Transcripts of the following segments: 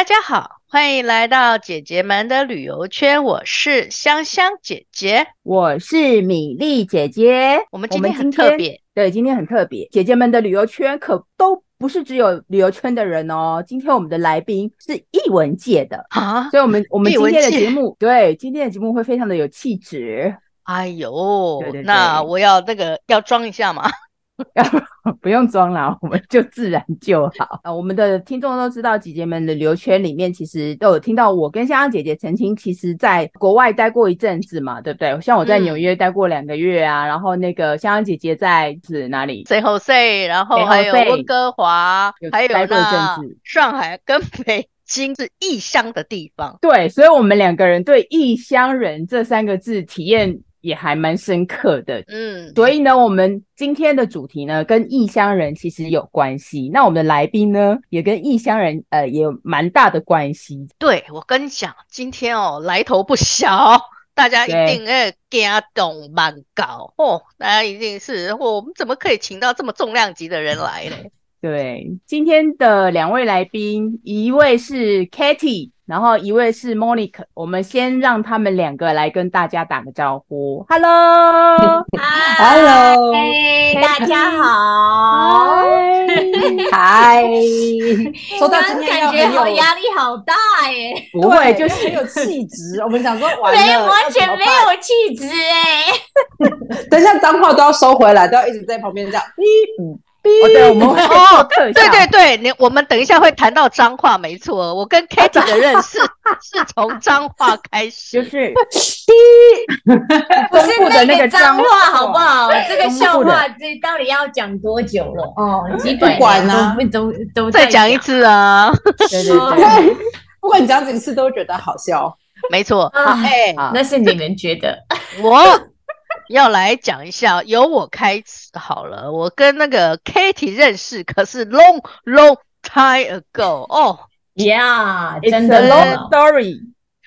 大家好，歡迎來到姐姐們的旅遊圈。我是香香姐姐，我是米粒姐姐。我們今天很特別，對，今天很特別。姐姐們的旅遊圈可都不是只有旅遊圈的人哦。今天我們的來賓是藝文界的啊，所以我們我們今天的節目對，今天的節目會非常的有氣質。哎呦，對對對，那我要那個，要裝一下嘛。 不用裝啦，我們就自然就好啊！我們的聽眾都知道，姐姐們的旅遊圈裡面其實都有聽到，我跟香香姐姐曾經其實在國外待過一陣子嘛，對不對？像我在紐約待過兩個月啊，嗯、然後那個香香姐姐在指哪裡？在後塞，然後有溫哥華，還有子。有上海跟北京是異鄉的地方。對，所以我們兩個人對“異鄉人”這三個字體驗、嗯。也還蠻深刻的，嗯，所以呢，我們今天的主題呢，跟異鄉人其實有關係。嗯、那我們的來賓呢，也跟異鄉人，呃，也有蠻大的關係。對，我跟你講，今天哦，來頭不小，大家一定哎感動蠻高 Okay. 哦，大家一定是、哦，我們怎麼可以請到這麼重量級的人來呢？ 對，今天的兩位來賓，一位是 Katie，然後一位是 Monique，我們先讓他們兩個來跟大家打個招呼。Hello，Hello，Hey，大家好，Hi，說大聲感覺好壓力好大哎。不會，就是沒有氣質。我們想說，完，沒完全沒有氣質哎。等一下髒話都要收回來，都要一直在旁邊這樣。對，我們會做特效。對對對，你我們等一下會談到髒話，沒錯。我跟 Katie 的認識是從髒話開始。就是，中部的那個髒話，好不好？這個笑話，這到底要講多久了？哦，不管啊，都都再講一次啊！對對對，不管你講幾次都覺得好笑，沒錯。哎，那是你們覺得我。要來講一下，由我開始好了。我跟那個 Katie 認識，可是 long long time ago 哦，Yeah，真 it 的、呃、a long story。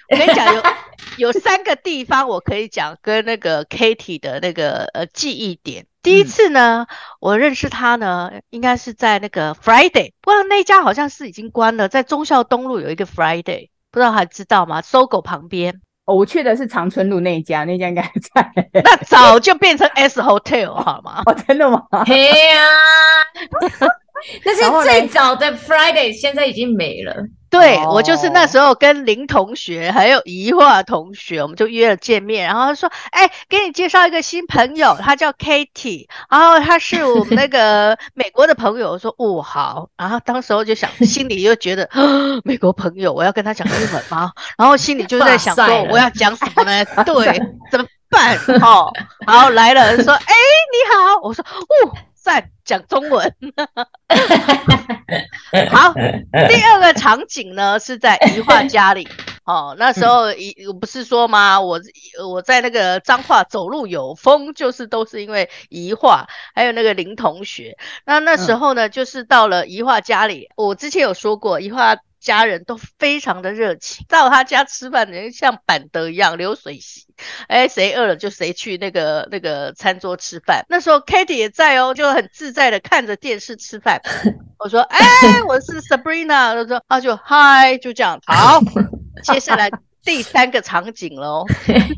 我跟你講， 有有三個地方，我可以講跟那個 Katie 的那個呃記憶點。第一次呢，嗯、我認識她呢，應該是在那個 Friday，不過那家好像是已經關了，在忠孝東路有一個 Friday，不知道還知道嗎？Sogo 旁邊。哦，我去的是長春路那一家，那家應該還在。欸，那早就變成 S, S Hotel 好嗎？哦，oh，真的嗎？嘿啊！ 那是最早的 Friday，現在已經沒了。對、oh. 我就是那時候跟林同學還有怡華同學，我們就約了見面。然後他說：“哎、欸，給你介紹一個新朋友，他叫 Katie。”然後他是我們那個美國的朋友。 我說：“哦，好。”然後當時我就想，心裡又覺得， 美國朋友，我要跟他講英文嗎？然後心裡就在想說：“我要講什麼呢？ 啊、了對， 怎麼辦？”哦， 然後來了，人說：“哎、欸，你好。”我說：“哦。”在講中文， 好。第二個場景呢，是在移花家裡。哦，那時候我不是說嗎？我我在那個彰化走路有風，就是都是因為移花還有那個林同學。那那時候呢，嗯、就是到了移花家裡，我之前有說過移花家人都非常的熱情，到他家吃飯的人像板凳一樣流水席，哎、欸，誰餓了就誰去那個那個餐桌吃飯。那時候 Katie 也在哦，就很自在的看着電視吃飯。我說，哎、欸，我是 Sabrina，他 說，啊，就嗨，Hi, 就這樣。好， 接下來第三個場景咯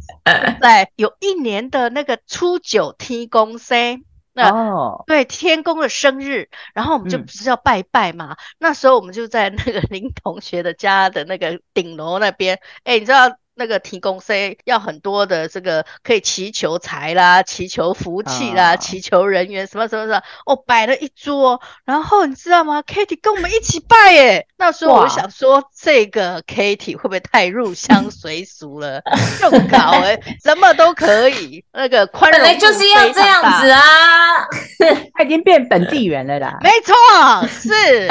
在有一年的那個初九天公生。那、oh. 對天公的生日，然後我們就不是要拜拜嘛？嗯、那時候我們就在那個林同學的家的那個頂樓那邊，哎、欸，你知道？那個提供 C 要很多的這個可以祈求財啦，祈求福氣啦，oh. 祈求人員什麼什麼什麼，哦，擺了一桌，然後你知道嗎 ？Katie 跟我們一起拜耶。那時候我就想說，Wow. 這個 Katie 會不會太入鄉隨俗了？又搞誒什麼都可以， 那個寬容本來就是要這樣子啊。他 已經變本地人了啦。沒錯，是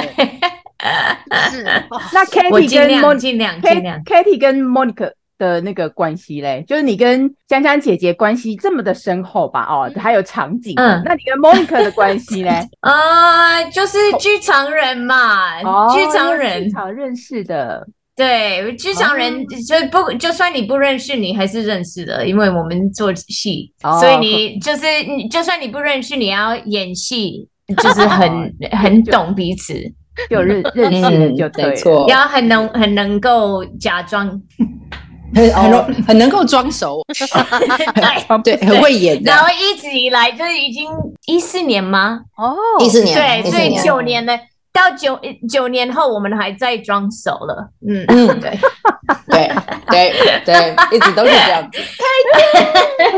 是。那 Katie 跟 Monique，Katie 跟 Monique。呃，那個關係嘞，就是你跟江江姐姐關係這麼的深厚吧？哦，還有場景。嗯，那你跟 Monique 的關係呢？啊，就是劇場人嘛，劇場人，劇場認識的。對，劇場人就不就算你不認識，你還是認識的，因為我們做戲，所以你就是你，就算你不認識，你要演戲，就是很很懂彼此，有認認識，有對錯，要很能很能夠假裝。很很，很能很能夠裝熟， 很 對，對很會演這樣。然後一直以來就已經一四年嗎？哦，一四年，對，所以九年了。到九九年後，我們還在裝熟了。嗯嗯， 對對對對，一直都是這樣子。開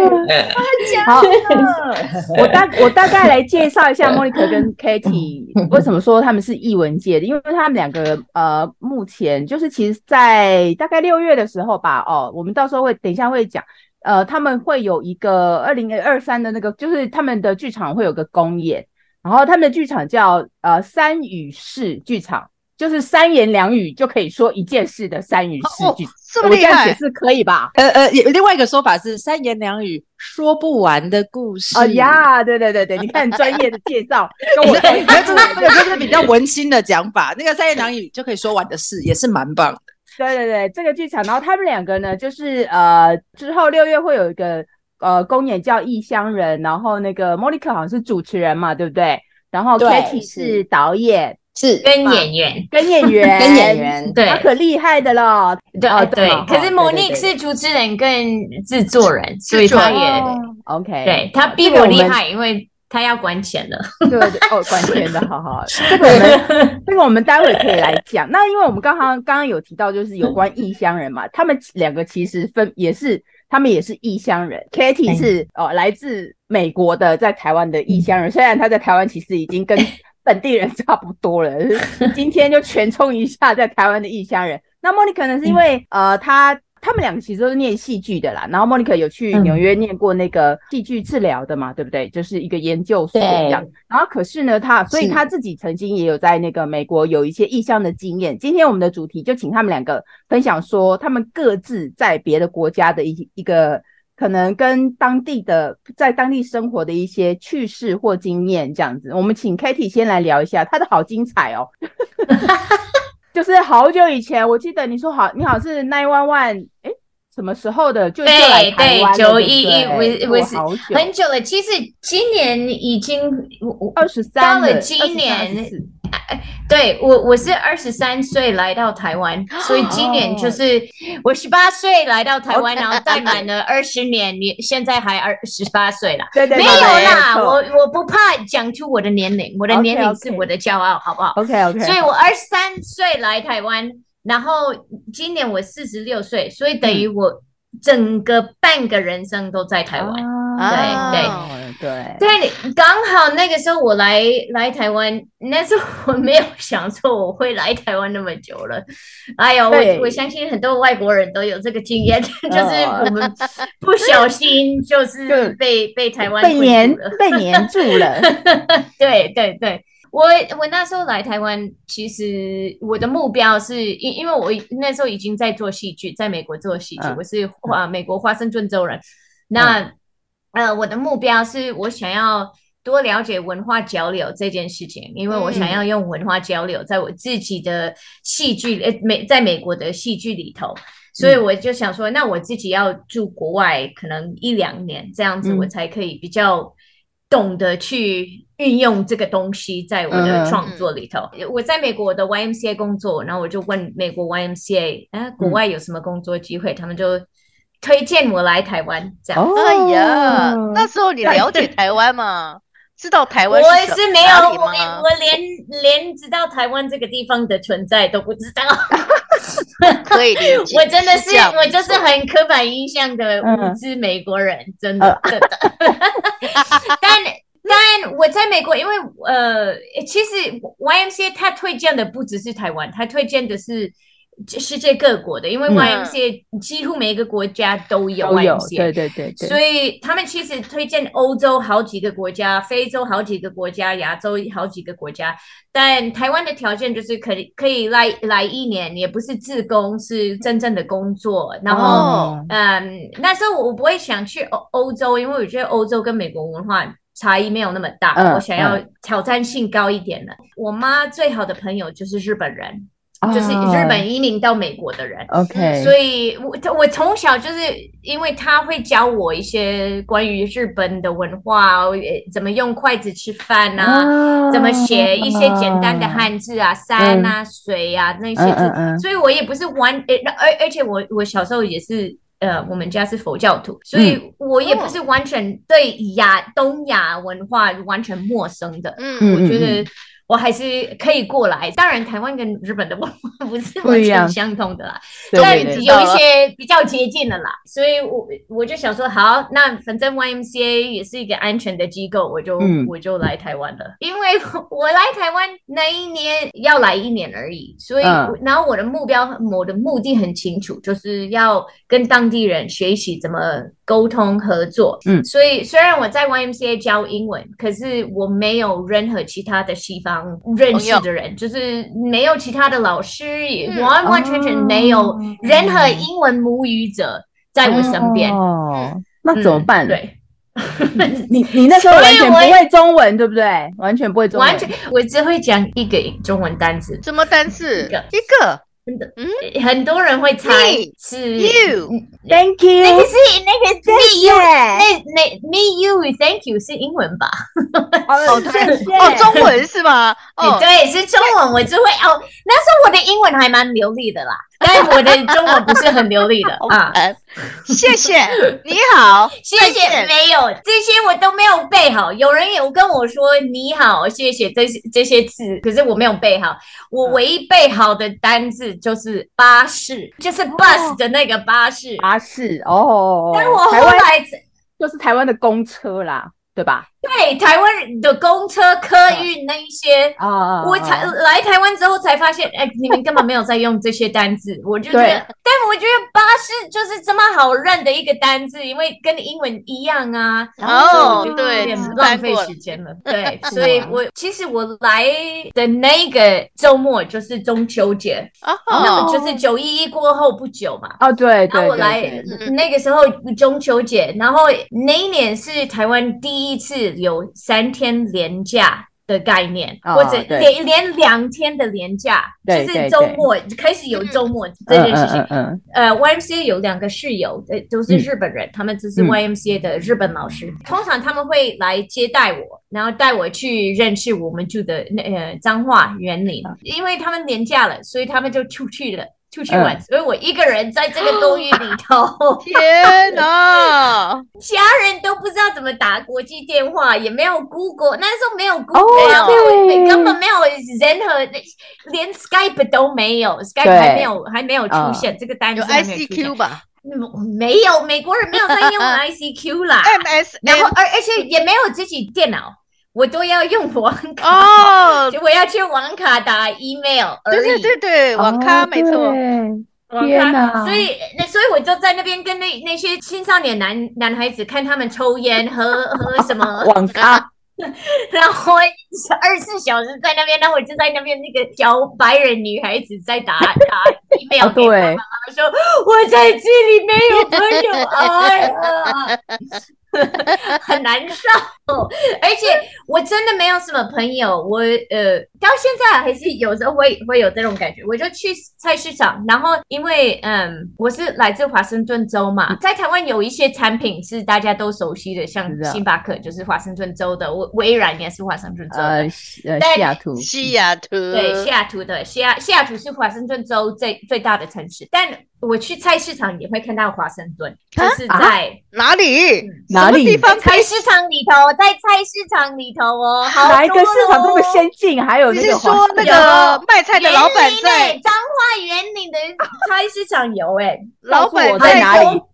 我大我大概來介紹一下莫妮克跟 Katie。 為什麼說他們是藝文界的？因為他們兩個呃，目前就是其實，在大概六月的時候吧，哦，我們到時候會等一下會講，呃，他們會有一個二零二三的那個，就是他們的劇場會有個公演。然後他們的劇場叫呃三語事劇場，就是三言兩語就可以說一件事的三語事劇。哦。這麼厲害！呃、我這樣解釋可以吧？呃呃，另外一個說法是三言兩語說不完的故事。啊呀，對對對對，你看你專業的介紹， 跟我這個我 這個就是比較文青的講法。 那個三言兩語就可以說完的事，也是蠻棒的。對對對，這個劇場，然後他們兩個呢，就是呃之後六月會有一個。呃，公演叫《異鄉人》，然後那個 Monique 好像是主持人嘛，對不對？然後 Katie 是導演，是跟演員，跟演員，跟演員，他可厲害的了。對哦，對。可是 Monique 是主持人跟製作人，所以他也 OK。對他比我厲害，因為他要管錢了。對哦，管錢的，好好。這個我們，這個我們待會可以來講。那因為我們剛剛剛剛有提到，就是有關《異鄉人》嘛，他們兩個其實分也是。他們也是異鄉人，Katie 是、欸、哦，來自美國的，在台灣的異鄉人。嗯、雖然他在台灣其實已經跟本地人差不多了， 今天就全衝一下在台灣的異鄉人。那 Monique 呢是因為、嗯、呃，他。他們兩個其實都是念戲劇的啦，然後莫妮可有去紐約念過那個戲劇治療的嘛，嗯、對不對？就是一個研究所這樣。對然後可是呢，他所以他自己曾經也有在那個美國有一些異鄉的經驗。是今天我們的主題就請他們兩個分享，說他們各自在別的國家的一一個可能跟當地的，在當地生活的一些趣事或經驗這樣子。我們請 Katie 先來聊一下，她的好精彩哦。 就是好久以前，我記得你說好你好像是 nine one one，哎，什麼時候的？就就來台灣很久了，很久了。其實今年已經我我二十三了，到了今年。23, 啊、對我，我是二十三歲來到台灣，所以今年就是我十八歲來到台灣，Oh. 然後待滿了二十年，Okay. 你現在還二十八歲了， 對對對對沒有啦，有我我不怕講出我的年齡，我的年齡是我的驕傲，okay, okay. 好不好？OK OK，所以我二十三歲來台灣，然後今年我四十六歲，所以等於我整個半個人生都在台灣。嗯啊對對對，對，剛好那個時候我來來台灣，那時候我沒有想說我會來台灣那麼久了。哎呦，我我相信很多外國人都有這個經驗，就是我們不小心就是被被台灣被黏被黏住了。對對對，我我那時候來台灣，其實我的目標是因因為我那時候已經在做戲劇，在美國做戲劇，我是啊美國華盛頓州人，那。呃，我的目標是我想要多了解文化交流這件事情，因為我想要用文化交流在我自己的戲劇，嗯、呃，美，在美國的戲劇裡頭，所以我就想說，嗯、那我自己要住國外可能一兩年，這樣子我才可以比較懂得去運用這個東西在我的創作裡頭。嗯嗯、我在美國的 YMCA 工作，然後我就問美國 YMCA，哎、呃，國外有什麼工作機會？嗯、他們就。推薦我來台灣，這樣。Oh, 哎呀，那時候你了解台灣嗎？對知道台灣？我是沒有，我我連連知道台灣這個地方的存在都不知道。所 以 我真的是我就是很刻板印象的無知美國人，嗯、真的真的，但但我在美國，因為呃，其實 YMCA 他推薦的不只是台灣，他推薦的是，世界各國的，因為 YMCA 幾乎每一個國家都有，YMCA,、嗯都有，對對對，對，所以他們其實推薦歐洲好幾個國家、非洲好幾個國家、亞洲好幾個國家。但台灣的條件就是可以可以來來一年，也不是志工，是真正的工作。然後，哦、嗯，那時候我不會想去歐歐洲，因為我覺得歐洲跟美國文化差異沒有那麼大。嗯、我想要挑戰性高一點的。嗯、我媽最好的朋友就是日本人。就是日本移民到美國的人、oh,，OK，、嗯、所以我我從小就是因為他會教我一些關於日本的文化，怎麼用筷子吃飯啊，oh, 怎麼寫一些簡單的漢字啊，oh. 山啊對水啊那些字，uh, uh, uh. 所以我也不是完，而而且我我小時候也是，呃，我們家是佛教徒，所以我也不是完全對亞東亞文化完全陌生的，嗯，我覺、就、得、是。我還是可以過來，當然台灣跟日本的不不是完全相通的啦，對啊對啊、但有一些比較接近的啦，啊啊、所以，我我就想說，好，那反正 YMCA 也是一個安全的機構，我就，嗯，我就來台灣了，因為我，我來台灣那一年要來一年而已，所以，嗯，然後我的目標，我的目的很清楚，就是要跟當地人學習怎麼溝通合作，嗯，所以雖然我在 YMCA 教英文，可是我沒有任何其他的西方。認識任、哦、的人就是沒有其他的老師也，的完完全全沒有任何英文母語者在我身邊。哦，嗯嗯、那怎麼辦？嗯、對， 你你那時候完全不會中文，對不對？完全不會中文，完全我只會講一個中文單詞，什麼單字？一個。一個嗯，很多人會猜是。Thank you，那個是那個。me you，那那 me you，Thank you，是英文吧？哦，中中文是吧？哦、oh.，對，是中文，我就會 哦。那時候我的英文還蠻流利的啦， 但我的中文不是很流利的啊。 嗯 謝謝，你好，謝謝，謝謝，沒有這些我都沒有背好。有人有跟我說你好、謝謝這些這些字，可是我沒有背好。我唯一背好的單字就是巴士，就是 bus 的那個巴士，巴士哦。但是我後來，台灣，就是台灣的公車啦，對吧？對，台灣的公車、客運那一些，我才來台灣之後才發現，哎，你們根本沒有在用這些單字，我就覺得，但我覺得巴士就是這麼好認的一個單字，因為跟英文一樣啊，然後對，就有點浪費時間了，對，所以我其實我來的那個周末就是中秋節，那麼就是九一一過後不久嘛，哦對對，然後我來那個時候中秋節，然後那一年是台灣第一次。有三天連假的概念，oh, 或者連對連兩天的連假，就是周末對對對，開始有周末、嗯、這件事情。嗯嗯嗯、呃，YMCA 有兩個室友，呃，都是日本人，嗯，他們只是 YMCA 的日本老師，嗯，通常他們會來接待我，然後帶我去認識我們住的那呃彰化員林。因為他們連假了，所以他們就出去了。出去玩，嗯、所以我一個人在這個公寓裡頭。天哪， 家人都不知道怎麼打國際電話，也沒有 Google，那時候沒有 Google，根本沒有任何，連 Skype 都沒有，Skype 對還沒有還沒有出現、嗯、這個單詞，ICQ 吧？沒有美國人沒有在用 ICQ 啦 MS M 然後而而且也沒有自己電腦。我都要用網咖哦，oh, 我要去網咖打 email，對對對網咖沒錯，網、oh, 對卡。哪所以那所以我就在那邊跟那那些青少年男男孩子看他們抽煙、 喝喝什麼，網咖 家。 然後二十四小時在那邊，那我就在那邊那個小白人女孩子在打 打 email，、oh, 對，說我在這裡沒有朋友啊。 哎 很難受，而且我真的沒有什麼朋友，我呃。到現在還是有時候會會有這種感覺。我就去菜市場，然後因為嗯，我是來自華盛頓州嘛，在台灣有一些產品是大家都熟悉的，像星巴克就是華盛頓州的，啊、微微軟也是華盛頓州的，呃，西雅圖，但西雅圖，對，西雅圖的西雅西雅圖是華盛頓州最最大的城市。但我去菜市場也會看到華盛頓，啊、就是在哪裡、啊？哪裡？地方、嗯？裡菜市場裡頭，在菜市場裡頭哦，好，哪一個市場這麼先進？還有。你是說那個賣菜的老板，在彰化員林的菜市場有哎，老板在哪裡？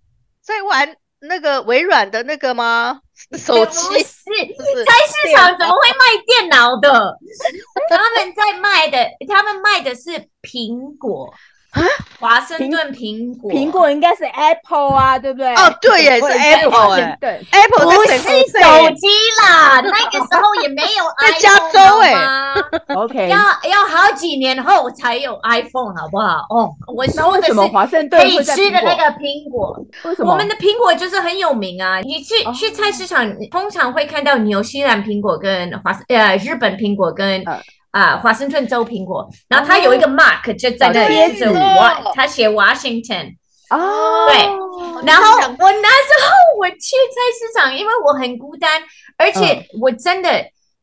在玩那個微軟的那個嗎？手機是，是菜市場怎麼會賣電腦的？ 他們在賣的，他們賣的是蘋果。啊，華哈盛頓蘋果，蘋果應該是 Apple 啊，對不對？哦，對耶，是 Apple 哎 App、欸對，對，Apple 水水不是手機啦，那個時候也沒有 iPhone 哎，OK，要要好幾年後才有 iPhone 好不好？哦，我說的是可以吃的那個蘋果？為什麼我們的蘋果就是很有名啊？你去去菜市場，通常會看到紐西蘭蘋果跟華盛，呃，日本蘋果跟。呃啊，華盛頓州蘋果，oh, 然後他有一個 mark 就在那裡，是瓦對，他寫 Washington，哦，oh, 對，然後我那時候我去菜市場，因為我很孤單，而且我真的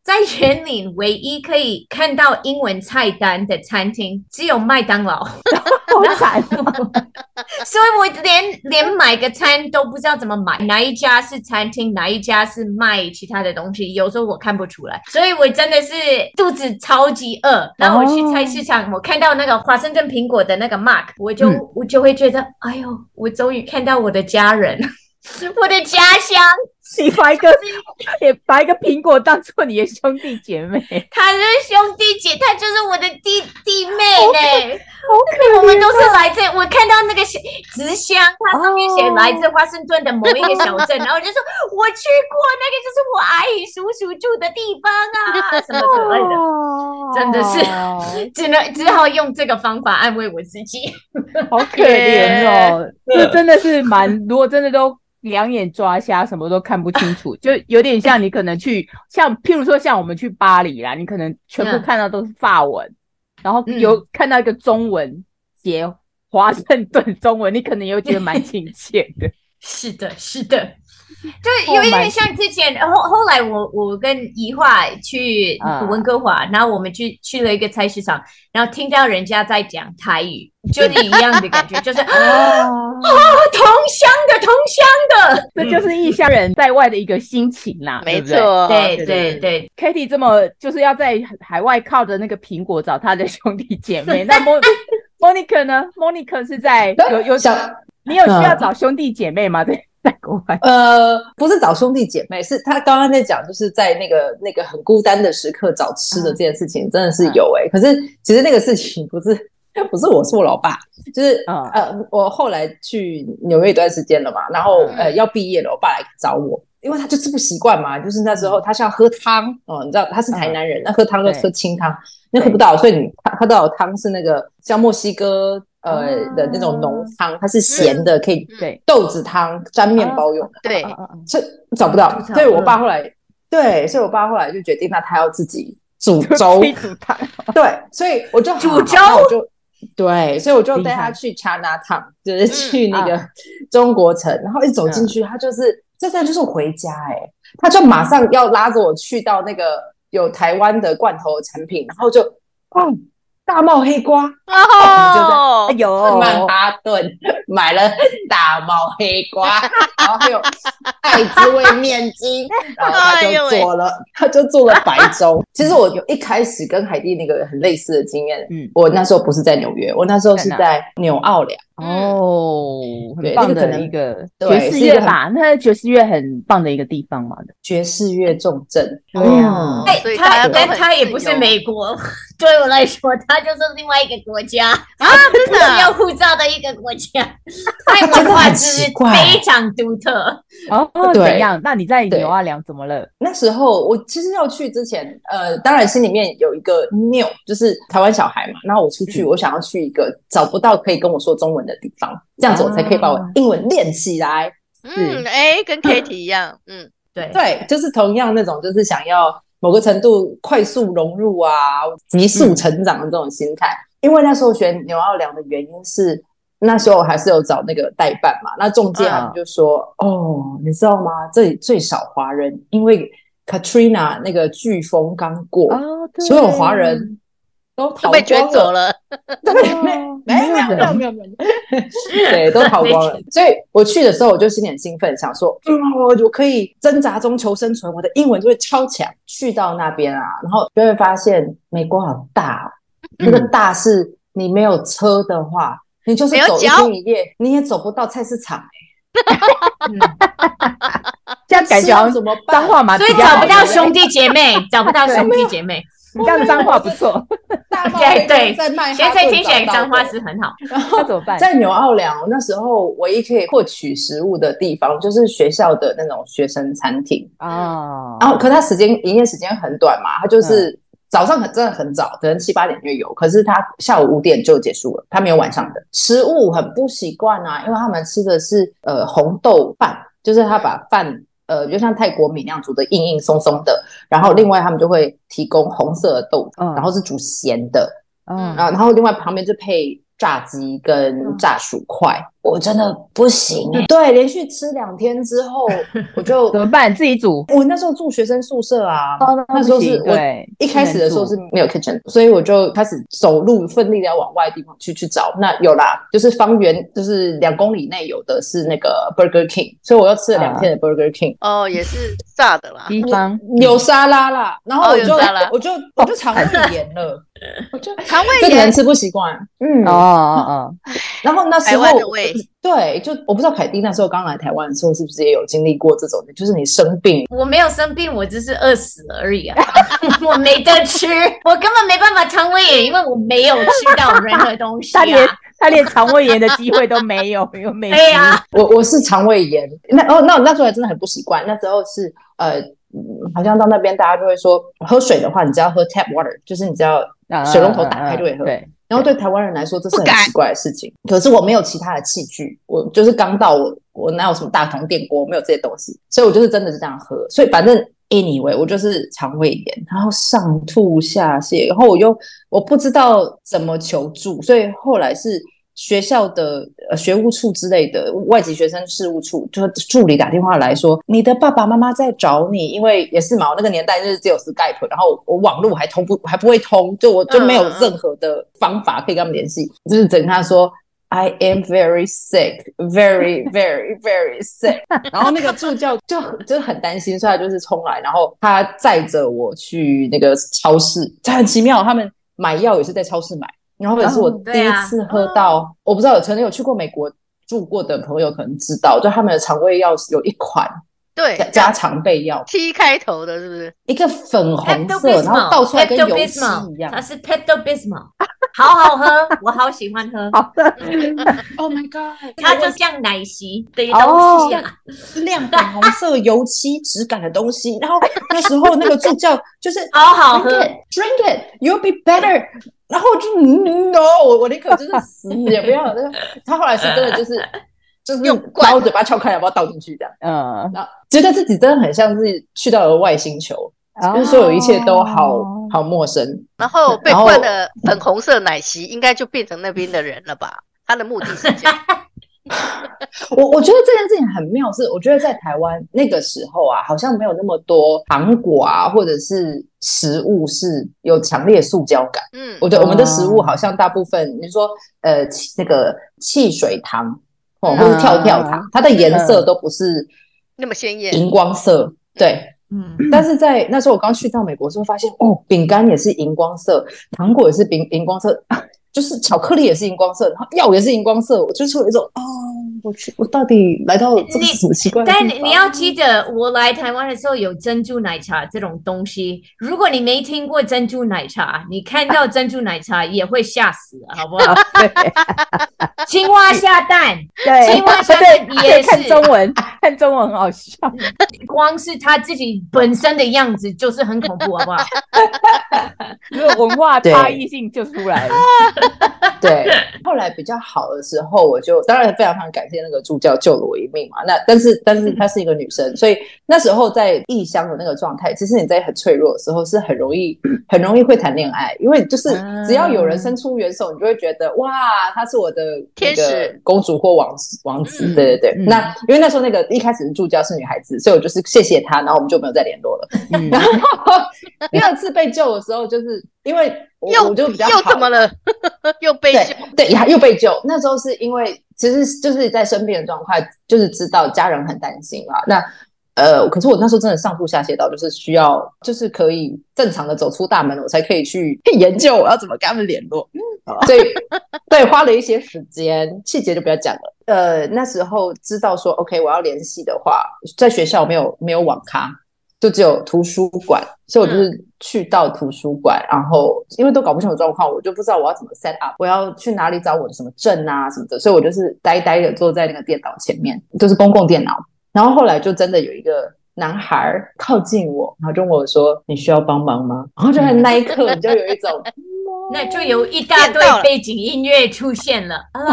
在員林唯一可以看到英文菜單的餐廳只有麥當勞。 很慘，哦、 所以，我連連買個餐都不知道怎麼買，哪一家是餐廳，哪一家是賣其他的東西，有時候我看不出來，所以，我真的是肚子超級餓。然後我去菜市場，oh. 我看到那個華盛頓蘋果的那個 mark，我就我就會覺得，哎、嗯、呦，我終於看到我的家人， 我的家鄉。把一個、就是、也把一個蘋果當做你的兄弟姐妹，他是兄弟姐，他就是我的弟弟妹妹，好可憐、啊。我們都是來自，我看到那個小紙箱，它上面寫來自華盛頓的某一個小鎮，oh. 然後我就說我去過那個，就是我阿姨叔叔住的地方啊， 什麼之類的，oh. 真的是只能只好用這個方法安慰我自己，好可憐哦，Yeah. 這真的是蠻， 如果真的都。兩眼抓瞎，什麼都看不清楚，就有點像你可能去， 像譬如說像我們去巴黎啦，你可能全部看到都是法文，嗯、然後有看到一個中文、嗯、寫華盛頓中文，你可能也會覺得蠻親切的。 是的，是的。就有一點像之前，後後來我我跟怡化去溫哥華，然後我們去去了一個菜市場，然後聽到人家在講台語，就是一樣的感覺，就是哦哦，同鄉的同鄉的，這就是異鄉人在外的一個心情啦，沒錯，對對對，Katie 這麼就是要在海外靠着那個蘋果找他的兄弟姐妹，那 Mo- Monique 呢？Monique 是在有有想你有需要找兄弟姐妹嗎？對。呃，不是找兄弟姐妹，是他剛剛在講，就是在那個那個很孤單的時刻找吃的這件事情，嗯、真的是有誒、欸，嗯、可是其實那個事情不是不是我，是我老爸。就是、嗯、呃，我後來去紐約一段時間了嘛，然後、嗯、呃要畢業了，我爸來找我，因為他就吃不習慣嘛，就是那時候他是要喝湯、嗯嗯、哦，你知道他是台南人，嗯、那喝湯就喝清湯，對那喝不到，對所以你他喝到的湯是那個像墨西哥。呃的那種濃湯，它是鹹的，可以豆子湯沾麵包用的。對，這找不到。所以我爸後來，對，所以我爸後來就決定，那他要自己煮粥。對，所以我就煮粥，對，所以我就帶他去 China Town，就是去那個中國城，然後一走進去，他就是這算就是回家哎，他就馬上要拉着我去到那個有台灣的罐頭產品，然後就嗯。大茂黑瓜，哎呦，曼哈頓買了大茂黑瓜，然後還有愛之味麵筋，然後他就做了，他就做了白粥。其實我有一開始跟海蒂那個很類似的經驗，嗯，我那時候不是在紐約，我那時候是在紐奧良。哦，很棒的一個爵士樂吧，那爵士樂很棒的一個地方嘛，爵士樂重鎮。對呀，他他也不是美國。對我來說，它就是另外一個國家啊，真的要護照的一個國家，它文化其實非常獨特。哦，對。那你在紐奧良怎麼了？那時候我其實要去之前，呃，當然心裡面有一個 new，就是台灣小孩嘛。然後我出去，我想要去一個找不到可以跟我說中文的地方，這樣子我才可以把我英文練起來。嗯，哎，跟 Katie 一樣，嗯，對，對，就是同樣那種，就是想要。某個程度快速融入啊，急速成長的這種心態。嗯、因為那時候選紐奧良的原因是，那時候我還是有找那個代辦嘛。那中介他們就說：“嗯、哦，你知道嗎？這裡最少華人，因為 Katrina 那個颶風剛過，哦、所有華人。”都跑光了，沒沒有沒有沒有沒有，對，都跑光了。所以我去的時候，我就心裡很興奮，想說，我可以掙扎中求生存，我的英文就會超強。去到那邊啊，然後就會發現美國好大哦，那個大是，你沒有車的話，你就是走一天一夜，你也走不到菜市場。哈哈哈哈哈哈！要趕腳怎麼辦？所以找不到兄弟姐妹，找不到兄弟姐妹。講髒話不錯，對 Okay, 對，先生聽寫髒話是很好。然後怎麼辦？在紐奧良那時候，唯一可以獲取食物的地方就是學校的那種學生餐廳啊。Oh. 然後可他時間營業時間很短嘛，他就是、oh. 早上很真的很早，可能七八點就有。可是他下午五點就結束了，他沒有晚上的食物，很不習慣啊。因為他們吃的是呃紅豆飯，就是他把飯、oh. 嗯。呃，就像泰國米那樣煮的硬硬鬆松的，然後另外，他們就會提供紅色的豆，嗯、然後是煮鹹的，然後、嗯嗯、然後另外旁邊就配炸雞跟炸薯塊。我真的不行，對，連續吃兩天之後，我就怎麼辦？自己煮。我那時候住學生宿舍啊，那時候是對，我一開始的時候是沒有 kitchen，所以我就開始走路，奮力的要往外地方去去找。那有啦，就是方圓就是兩公里內有的是那個 Burger King，所以我又吃了兩天的 Burger King。哦，也是炸的啦，有沙拉啦，然後我就我就我就腸胃炎了，我就腸胃炎吃不習慣。嗯，哦哦哦，然後那時候。對，就我不知道凱蒂那時候剛來台灣的時候，是不是也有經歷過這種？就是你生病，我沒有生病，我只是餓死了而已。啊。 我沒得吃，我根本沒辦法腸胃炎， 因為我沒有吃到任何東西。啊他。他連他連腸胃炎的機會都沒有，因 沒有。對，我我是腸胃炎。那哦，那，oh, no, 那時候還真的很不習慣。那時候是呃，好像到那邊大家就會說，喝水的話，你只要喝 tap water，就是你只要水龍頭打開就會喝。Uh, uh, uh, uh, 對。然後對台灣人來說，這是很奇怪的事情。不敢。可是我沒有其他的器具，我就是剛到我我哪有什麼大同電鍋，我沒有這些東西，所以我就是真的是這樣喝。所以反正 anyway，我就是腸胃炎，然後上吐下瀉，然後我又我不知道怎麼求助，所以後來是學校的。呃，學務處之類的外籍學生事務處就助理打電話來說，你的爸爸媽媽在找你，因為也是嘛，那個年代就是只有 Skype，然後我網絡還通不還不會通，就我就沒有任何的方法可以跟他們聯繫，嗯、就是等他說 I am very sick, very very very sick， 然後那個助教就就很擔心，所以他就是衝來，然後他載着我去那個超市，就很奇妙，他們買藥也是在超市買。然後也是我第一次喝到，啊啊啊、我不知道有曾經有去過美國住過的朋友可能知道，就他們的腸胃藥有一款，對，家常備藥，T 開頭的是不是？一個粉紅色，Pepto-Bismol，然後倒出來跟油漆一樣，它是 Pepto-Bismol，好好喝，我好喜歡喝，好的，Oh my God，它就像奶昔的東西一、啊、樣、哦，亮粉紅色油漆質感的東西。對 然後那時候那個助教就是 好好喝，Drink it，You'll it, be better。然後就、嗯嗯哦、我就嗯哦我我寧可真的死也不要。他說 他後來是真的就是 就是用把我嘴巴撬開了，要倒進去的。嗯，然後覺得自己真的很像是去到了外星球，跟所、嗯、有一切都好、哦、好陌生。然後被灌了粉紅色奶昔， 應該就變成那邊的人了吧？他的目的是這樣。 我我覺得這件事情很妙是，是我覺得在台灣那個時候啊，好像沒有那麼多糖果啊，或者是食物是有強烈塑膠感。嗯，我覺得我們的食物好像大部分，嗯、你說呃那個汽水糖哦，嗯嗯、或是跳跳糖，它的顏色都不是、嗯、那麼鮮艷，熒光色。對，嗯。但是在那時候我剛去到美國時候，發現哦，餅乾也是熒光色，糖果也是熒熒光色。 就是巧克力也是熒光色，然後、嗯、藥也是熒光色，我就是有一種啊、哦，我去，我到底來到這個什麼奇怪？但你你要記得，我來台灣的時候有珍珠奶茶這種東西。如果你沒聽過珍珠奶茶，你看到珍珠奶茶 也會嚇死，好不好？哈。 青蛙下蛋。對，青蛙下蛋也是，對對，看中文，啊、看中文很好笑。光是他自己本身的樣子就是很恐怖，好不好？因為 文化差異性就出來了。對， 對，後來比較好的時候，我就當然非常非常感謝那個助教救了我一命嘛。那但是但是她是一個女生，嗯、所以那時候在異鄉的那個狀態，其實你在很脆弱的時候是很容易 很容易會談戀愛，因為就是只要有人伸出援手，你就會覺得、嗯、哇，他是我的。天使公主或王子、嗯、王子，對對對，嗯、那因為那時候那個一開始的助教是女孩子，所以我就是謝謝她，然後我們就沒有再聯絡了。嗯、然後第二次被救的時候，就是因為我又我就比較好又怎麼了？ 又被救？對,對又被救。那時候是因為其實就是在生病的狀況，就是知道家人很擔心啊。那呃，可是我那時候真的上吐下瀉到，就是需要，就是可以正常的走出大門我才可以去研究我要怎麼跟他們聯絡。 所以，對，花了一些時間，細節就不要講了。呃，那時候知道說，OK，我要聯繫的話，在學校沒有沒有網咖，就只有圖書館，所以我就是去到圖書館，嗯、然後因為都搞不清楚狀況，我就不知道我要怎麼 set up，我要去哪裡找我的什麼證啊什麼的，所以我就是呆呆的坐在那個電腦前面，就是公共電腦。然後後來就真的有一個男孩靠近我，然後就問我說：“你需要幫忙嗎？”然後就在那一刻，你就有一種。那就有一大堆背景音樂出現了，粉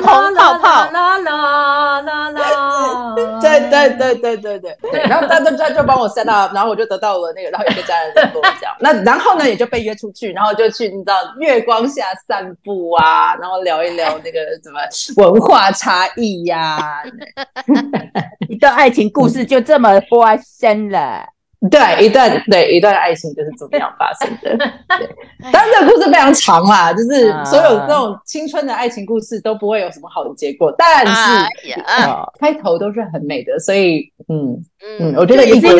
紅、啊、泡泡，啦啦啦啦，對對對對對對，對然後他他 就幫我 set up，然後我就得到了那個，然後一個家人多 那然後呢也就被約出去，然後就去你知道月光下散步啊，然後聊一聊那個 什麼文化差異呀、啊，一段 愛情故事就這麼發生了。 對，一段對一段愛情就是這麼樣發生的。 對，但這個故事非常長啦，就是所有這種青春的愛情故事都不會有什麼好的結果，但是開、uh, yeah. 嗯、頭都是很美的，所以嗯嗯，嗯嗯我覺得一定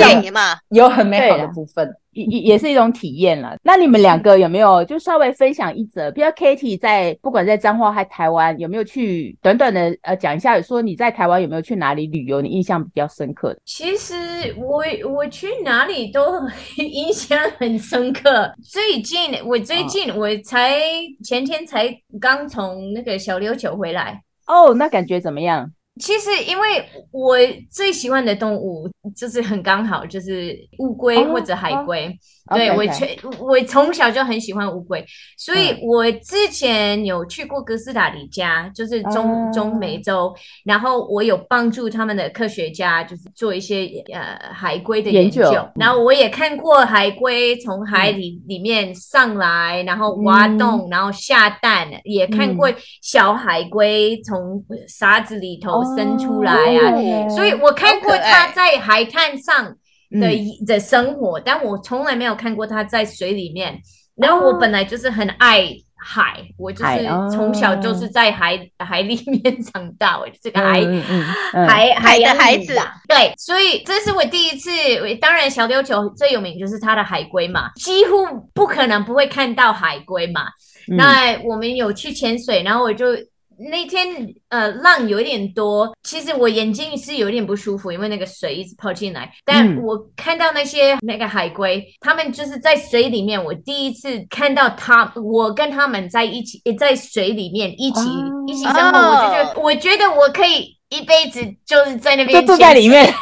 有很美好的部分。也也也是一種體驗了。那你們兩個有沒有就稍微分享一則？比如 Katie 在不管在彰化還台灣有沒有去？短短的呃講一下，說你在台灣有沒有去哪裡旅遊？你印象比較深刻的？其實我我去哪裡都印象很深刻。最近我最近、哦、我才前天才剛從那個小琉球回來。哦，那感覺怎麼樣？其實，因為我最喜歡的動物就是很剛好，就是烏龜或者海龜。Oh. Oh. Oh. Okay, okay. 對，我從我從小就很喜歡烏龜，所以我之前有去過哥斯達黎加，就是中、嗯、中美洲，然後我有幫助他們的科學家，就是做一些呃海龜的研究。研究嗯、然後我也看過海龜從海裡、嗯、裡面上來，然後挖洞，嗯、然後下蛋，也看過小海龜從沙子裡頭生出來啊。嗯嗯、所以我看過它在海灘上。的的生活，嗯、但我從來沒有看過它在水裡面。然後我本來就是很愛海，哦、我就是從小就是在海、哦、海裡面長大，哎，這個海、嗯嗯嗯、海海、嗯、海的孩子啊。對，所以這是我第一次。當然，小琉球最有名就是它的海龜嘛，幾乎不可能不會看到海龜嘛。嗯、那我們有去潛水，然後我就。那天呃浪有點多，其實我眼睛是有點不舒服，因為那個水一直泡進來。但我看到那些、嗯、那個海龜，他們就是在水裡面，我第一次看到他，我跟他們在一起，在水裡面一起、嗯、一起生活，我就覺得、哦、我覺得我可以。一輩子就是在那邊住在裡面，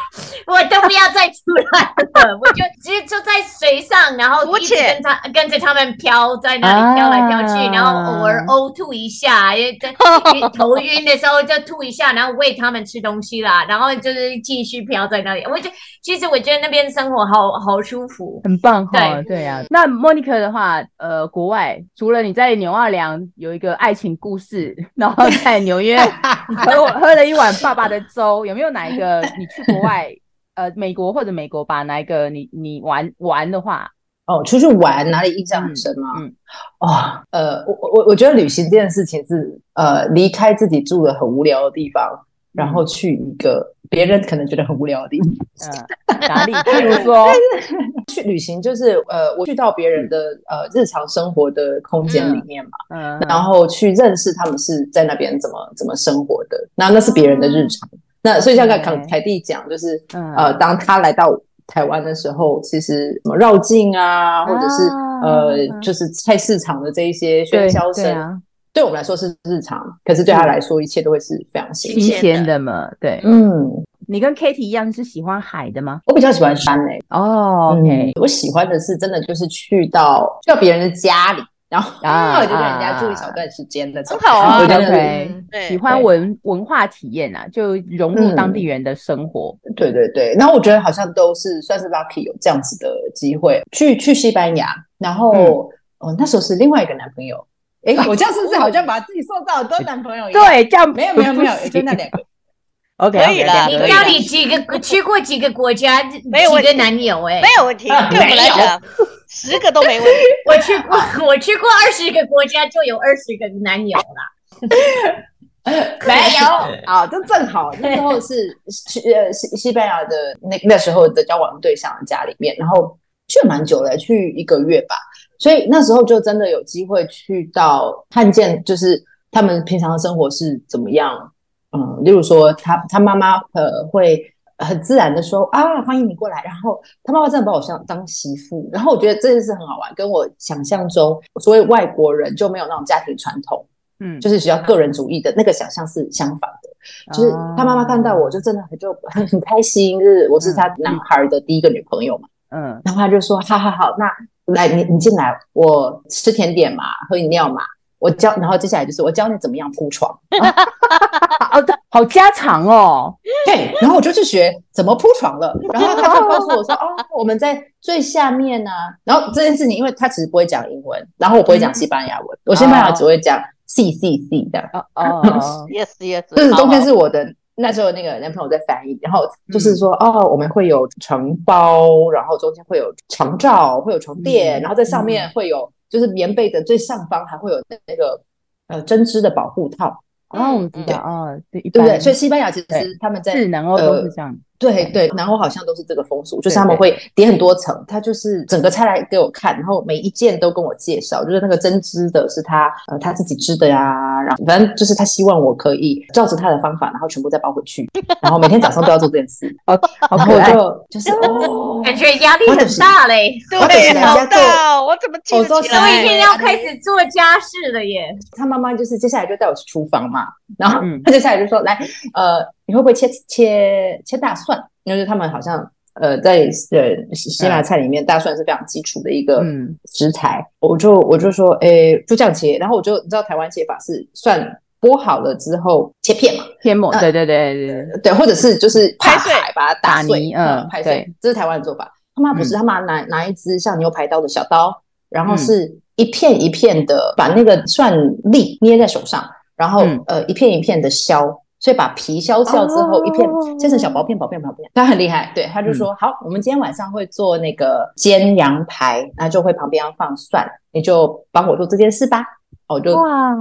我都不要再出來了， 我就直接就坐在水上，然後一直跟他且跟着他們飄在那裡飄、啊、來飄去，然後偶爾嘔吐一下，因為、啊、頭暈的時候就吐一下，然後餵他們吃東西啦，然後就是繼續飄在那裡。我覺得其實我覺得那邊生活好好舒服，很棒哈、哦。對，對啊。那 Monique 的話，呃，國外除了你在紐奧良有一個愛情故事，然後在紐約喝喝了一碗。爸爸的州有沒有哪一個？你去國外， 呃，美國或者美國吧，哪一個你？你你玩玩的話，哦，出去玩哪裡印象很深嗎、啊嗯？嗯。哦，呃，我我我覺得旅行這件事情是呃，離開自己住的很無聊的地方，嗯、然後去一個。別人可能覺得很無聊的地方、 呃，哪裡？ 比如說去旅行，就是呃，我去到別人的呃日常生活的空間裡面嘛，嗯嗯、然後去認識他們是在那邊怎麼怎麼生活的，那那是別人的日常。嗯、那所以像剛才凱蒂講，嗯、就是、嗯、呃，當他來到台灣的時候，其實什麼繞境啊，啊或者是呃，嗯、就是菜市場的這一些喧囂聲。對我們來說是日常，可是對他來說，一切都會是非常鮮新鮮的嘛。的對，嗯，你跟 Katie 一樣是喜歡海的嗎？我比較喜歡山哦。OK，、嗯、我喜歡的是真的就是去到去到別人的家裡，然後然後就跟人家住一小段時間的，很、啊、好啊。嗯、o、okay、對，喜歡文對文化體驗啊，就融入當地人的生活。嗯、對對對，然後我覺得好像都是算是 lucky 有這樣子的機會去去西班牙，然後、嗯、哦那時候是另外一個男朋友。誒，我這樣是不是好像把自己塑造多男朋友？一樣？對，這樣沒有沒有沒有，就那兩個。OK，可以了。你到底幾個去過幾個國家？沒有幾個男友誒，沒有問題。對我來講，十個都沒問題。我去過，我去過二十個國家，就有二十個男友啦。沒有啊，就正好那時候是去呃西西班牙的那那時候的交往對象家裡面，然後去蠻久了，去一個月吧。所以那時候就真的有機會去到看見，就是他們平常的生活是怎麼樣，嗯，例如說他他媽媽呃會很自然的說啊，歡迎你過來，然後他媽媽真的把我當當媳婦，然後我覺得這件事很好玩，跟我想象中所謂外國人就沒有那種家庭傳統，嗯，就是比較個人主義的那個想象是相反的，就是他媽媽看到我就真的很就很很開心，就是，是我是他男孩的第一個女朋友嘛，嗯，然後他就說好好好，那。來，你你進來，我吃甜點嘛，喝飲料嘛，我教，然後接下來就是我教你怎麼樣鋪床，好、啊、 好家常哦。對，okay, 然後我就去學怎麼鋪床了，然後他就告訴我說：“ 哦，我們在最下面呢、啊。”然後這件事情，因為他其實不會講英文，然後我不會講西班牙文，對我西班牙只會講 C、oh. C C, C。的哦哦，yes yes，這是冬天是我的。那時候那個男朋友在翻譯，然後就是說、嗯、哦，我們會有床包，然後中間會有床罩，會有床墊，嗯、然後在上面會有就是棉被的最上方還會有那個、嗯、呃針織的保護套。哦，我知道啊、嗯哦，對對般對，不對，所以西班牙其實他們在是，南歐都是這樣。呃對對，然後好像都是這個風俗，就是他們會疊很多層，他對就是整個拆來給我看，然後每一件都跟我介紹，就是那個針織的是他呃他自己織的呀，然後反正就是他希望我可以照着他的方法，然後全部再包回去，然後每天早上都要做這件事， 哦、好，然後我就就是、哦、感覺壓力很大嘞，想對，想好大、哦，我怎麼聽說所一天要開始做家事了耶。他媽媽就是接下來就帶我去廚房嘛，然後他接下來就說、嗯、來呃你會不會切切切大蒜？就是他們好像，呃，在呃希臘菜裡面，大蒜是非常基礎的一個食材。我就我就說，哎，就這樣切。然後我就，你知道台灣切法是蒜剝好了之後切片嘛？片末。對對對對對，或者是就是拍碎，把它打泥。嗯，拍碎，這是台灣的做法。他媽不是，他媽拿拿一隻像牛排刀的小刀，然後是一片一片的把那個蒜粒捏在手上，然後呃一片一片的削。所以把皮削掉之後，一片切成小薄片，薄片薄片，他很厲害。對，他就說、嗯、好，我們今天晚上會做那個煎羊排，然後就會旁邊要放蒜，你就幫我做這件事吧。我就哇，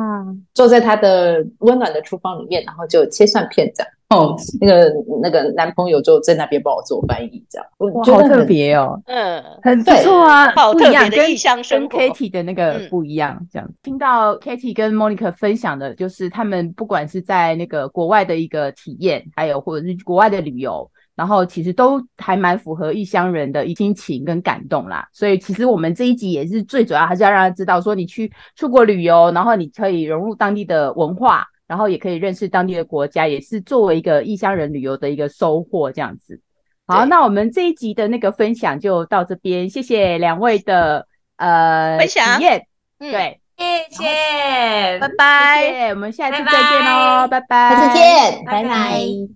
坐在他的溫暖的廚房裡面，然後就切蒜片這樣。哦，那個那個男朋友就在那邊幫我做翻譯，這樣哇，好特別哦，嗯，很不錯啊，好特別的異鄉生活，跟 Katie 的那個不一樣。嗯、這樣聽到 Katie 跟 Monique 分享的，就是他們不管是在那個國外的一個體驗，還有或者是國外的旅遊，然後其實都還蠻符合異鄉人的心情跟感動啦。所以其實我們這一集也是最主要，還是要讓他知道說，你去出國旅遊，然後你可以融入當地的文化。然後也可以認識當地的國家，也是作為一個異鄉人旅遊的一個收穫，這樣子。好，那我們這一集的那個分享就到這邊，謝謝兩位的呃分享，yeah, 嗯、對，謝謝，拜拜、嗯，我們下次再見哦，拜拜，下次見，拜拜。